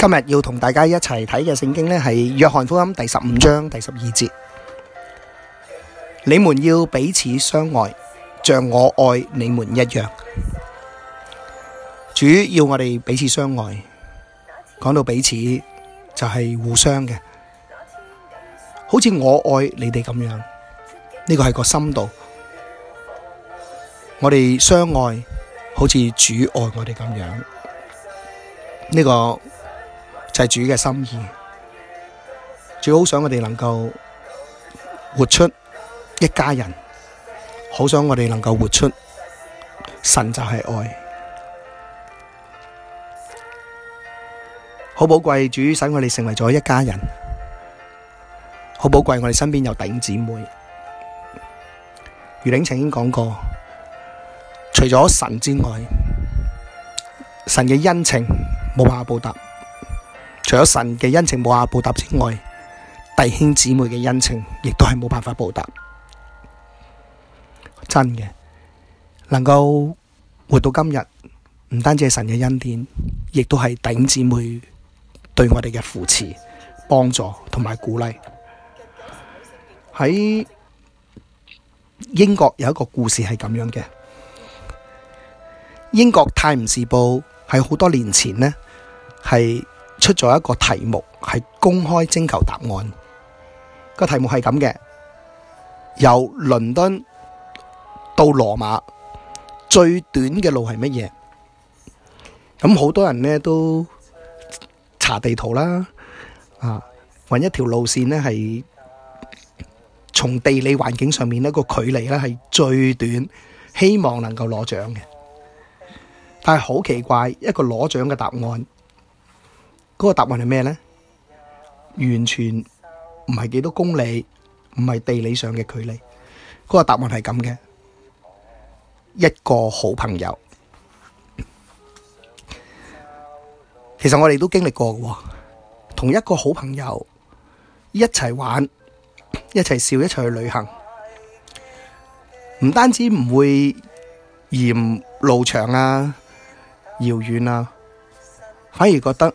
今日要同大家一齊睇嘅聖經咧，係約翰福音第十五章第十二節。你們要彼此相愛，像我愛你們一樣。主要我哋彼此相愛。講到彼此就係互相嘅，好似我愛你哋咁樣。呢個係個深度。我哋相愛，好似主愛我哋咁樣。呢個。係主嘅心意，最好想我哋能夠活出一家人，好想我哋能夠活出神就係愛，好寶貴。主使我哋成為咗一家人，好寶貴。我哋身邊有頂姊妹，余玲曾經講過，除咗神之外，神嘅恩情冇辦法報答。除咗神嘅恩情冇辦法報答之外，弟兄姊妹嘅恩情亦都係冇辦法報答，真嘅能夠活到今日，唔單止係神嘅恩典，亦都係弟兄姊妹對我哋嘅扶持、幫助同埋鼓勵。喺英國有一個故事係咁樣嘅，英國《泰晤士報》喺好多年前呢係。出咗一個題目，係公開徵求答案。個題目係咁嘅：由倫敦到羅馬最短嘅路係乜嘢？咁好多人呢都查地圖啦，啊，搵一條路線呢係從地理環境上面一個距離呢係最短，希望能夠攞獎嘅。但係好奇怪，一個攞獎嘅答案。嗰個答案係咩咧？完全唔係幾多公里，唔係地理上嘅距離。嗰個答案係咁嘅，一個好朋友。其實我哋都經歷過嘅，同一個好朋友一齊玩，一齊笑，一齊去旅行。唔單止唔會嫌路長啊、遙遠啊，反而覺得。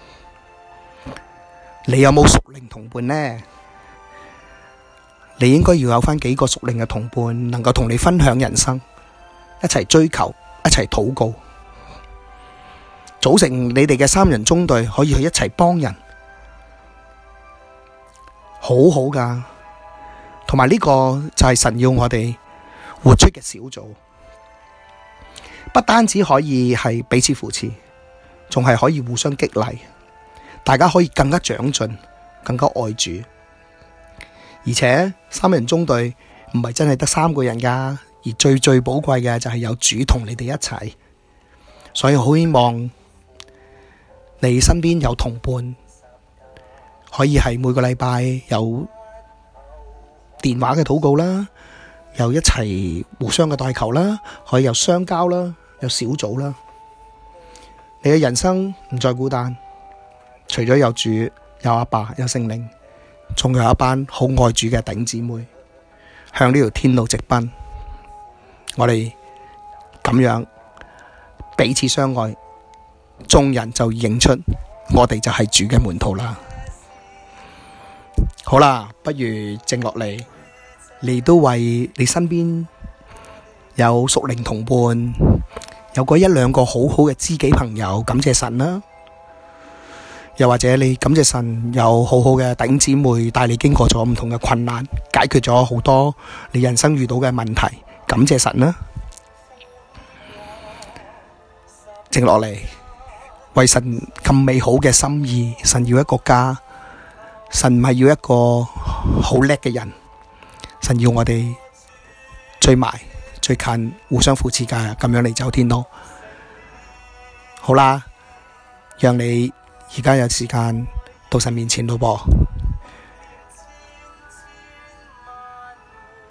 你有冇屬靈同伴呢？你應該要有翻幾個屬靈嘅同伴，能夠同你分享人生，一齊追求，一齊禱告，組成你哋嘅三人中隊，可以去一齊幫人，好好噶。同埋呢個就係神要我哋活出嘅小組，不單止可以係彼此扶持，仲係可以互相激勵。大家可以更加長進，更加愛主，而且三人中隊唔係真係得三個人噶，而最最寶貴嘅就係有主同你哋一齊，所以好希望你身邊有同伴，可以係每個禮拜有電話嘅禱告啦，有一齊互相嘅代求啦，可以有相交啦，有小組啦，你嘅人生唔再孤單。除咗有主、有阿爸、有聖靈，仲有一班好愛主嘅頂姊妹，向呢條天路直奔。我哋咁樣彼此相愛，眾人就認出我哋就係主嘅門徒啦。好啦，不如靜落嚟，你都為你身邊有屬靈同伴，有嗰一兩個好好嘅知己朋友，感謝神啦。又或者你感謝神有好好嘅弟兄姊妹帶你經過咗唔同嘅困難，解決咗好多你人生遇到嘅問題，感謝神啦！靜落嚟為神咁美好嘅心意，神要一個家，神唔係要一個好叻嘅人，神要我哋聚埋、最近互相扶持噶，咁樣嚟走天路。好啦，讓你。而家有時間到神面前咯噃。